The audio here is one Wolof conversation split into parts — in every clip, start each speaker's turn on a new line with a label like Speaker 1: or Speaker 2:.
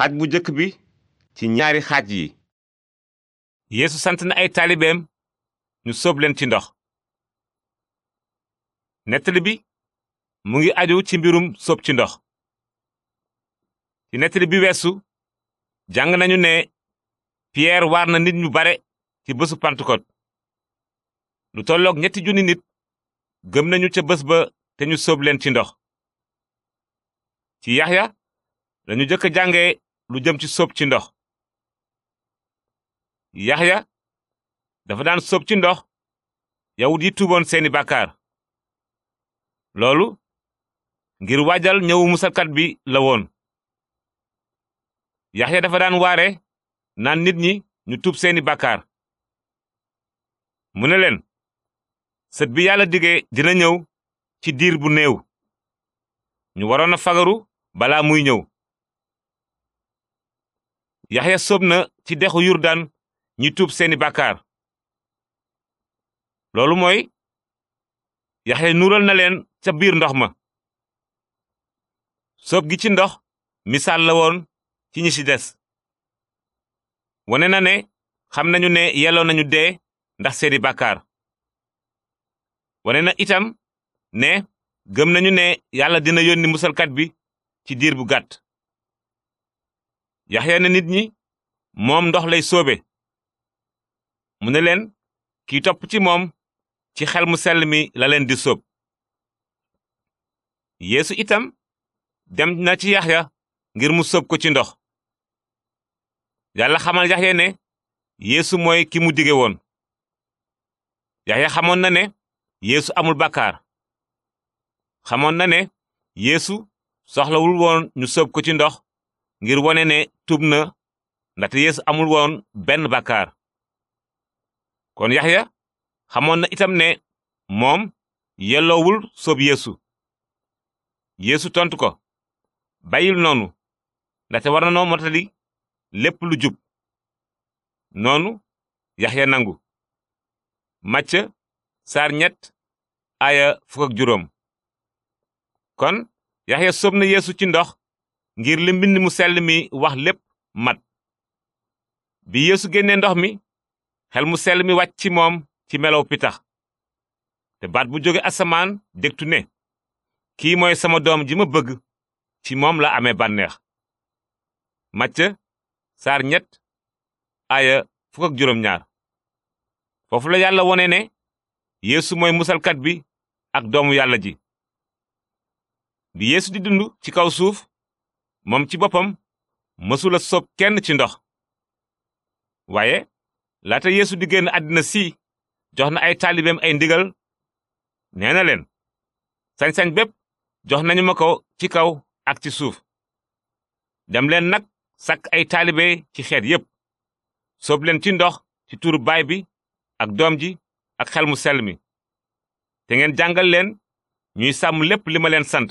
Speaker 1: xaaj bu njëkk bi ci ñaari xaaj yi sant na ay taalibeem ñu sóob leen ci ndox nettali bi mu ngi aju ci mbirum sóob ci ndox ci bi weesu jàng nañu ne piyeer war na nit ñu bare ci bësu pantukot lu tolloog ñetti junni nit gëm nañu ca bës ba te ñu sóob leen ci ndox ci yaxya lañu jëkk jànge lu jëm ci sóob ci ndox yaxya dafa daan sóob ci ndox yawut yi tuuboon seeni bàkkaar loolu ngir waajal ñëwu musalkat bi la woon yaxya dafa daan waare naan nit ñi ñu tuub seeni bàkkaar mu ne leen sët bi yàlla dige dina ñëw ci diir bu néew ñu waroon a fagaru balaa muy ñëw yaxya sóob na ci dexu yurdaan ñi tuub seeni bàkkaar loolu mooy yaxya nuural na leen ca biir ndox ma sóob gi ci ndox misaal la woon ci ñi ci des wone na ne xam nañu ne yelloo nañu dee ndax seeni bàkkaar wane na itam ne gëm nañu ne yàlla dina yónni musalkat bi ci diir bu gàtt yaxya ne nit ñi moom ndox lay soobe mu ne leen kii topp ci moom ci xel mu sell mi la leen di sóob yéesu itam dem na ci yaxya ngir mu sóob ko ci ndox yàlla xamal yaxya ne yéesu mooy ki mu dige woon yaxya xamoon na ne yéesu amul bakaar xamoon na ne yéesu soxlawul woon ñu sóob ko ci ndox ngir wone ne tub na ndaxte amul woon benn bàkkaar kon yaxya xamoon na itam ne moom yelloowul soob yeesu yéesu tontu ko bàyyil noonu ndaxte war motali lépp lu jub noonu yaxya nangu màcc saar ñett aaya fukk ak juróom kon yaxya soob na yéesu ci ndox ngir li mbind mu sell mi wax lépp mat bi yeesu génnee ndox mi xel mu sell mi wàcc ci moom ci melow pitax te baat bu jóge asamaan dégtu ne kii mooy sama doom ji ma bëgg ci moom la amee bànneex Macca saar ñett aaya fukk ak juróom ñaar foofu la yàlla wone ne yéesu mooy musalkat bi ak doomu yàlla ji bi di dund ci kaw suuf moom ci boppam mësula soob kenn ci ndox waaye laata yéesu di génn àddina si jox na ay taalibeem ay ndigal nee na leen sañ bépp jox nañu ma ko ci kaw ak ci suuf dem leen nag sakk ay taalibe ci xeet yépp soob leen ci ndox ci turu baay bi ak doom ji ak xel mu sell mi te ngeen jàngal leen ñuy sàmm lépp li ma leen sant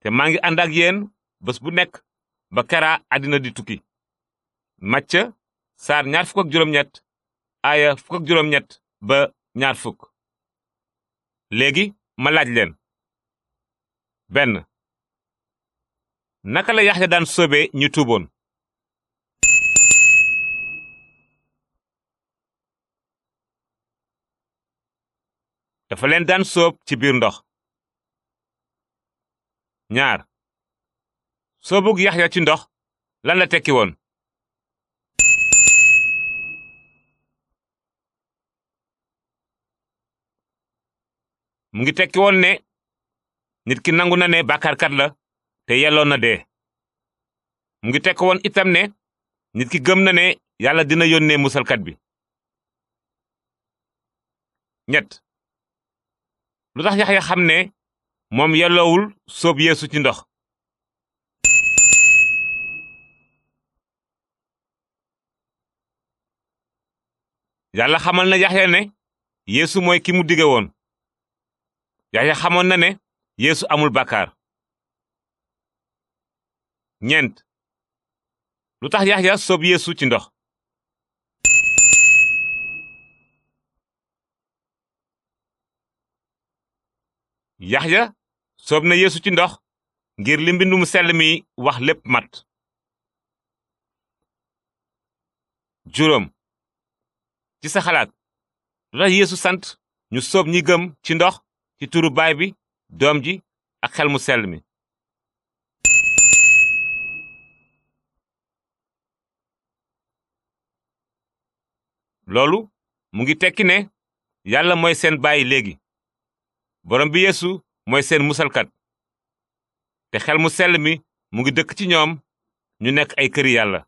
Speaker 1: te maa ngi ànd ak yéen bës bu nekk ba keraa àddina di tukki macca saar ñaar fukk ak aaya fukk ak ba ñaar fukk léegi ma leen benn naka la Yaxya daan soobee ñu dafa leen daan soob ci biir ndox ñaar soo sobug yaxya ci ndox lan la tekki woon mu ngi tekki woon ne nit ki nangu na ne bàkkaarkat la te yelloon na dee mu ngi tekki woon itam ne nit ki gëm na ne yàlla dina yónnee musalkat bi ñett lu tax yaxya xam ne moom yelloowul sóob yeesu ci ndox yàlla xamal na yaxya ne yéesu mooy ki mu dige woon yaxya xamoon na ne yéesu amul bàkkaar ñeent lu tax yaxya soob yéesu ci ndox yaxya soob na yeesu ci ndox ngir li mbind mu sell mi wax lépp mat juróom ci sa xalaat lu tax sant ñu sóob ñi gëm ci ndox ci turu baay bi doom ji ak xel mu sell mi loolu mu ngi tekki ne yàlla mooy seen baay léegi borom bi yeesu mooy seen musalkat te xel mu sell mi mu ngi dëkk ci ñoom ñu nekk ay këri yàlla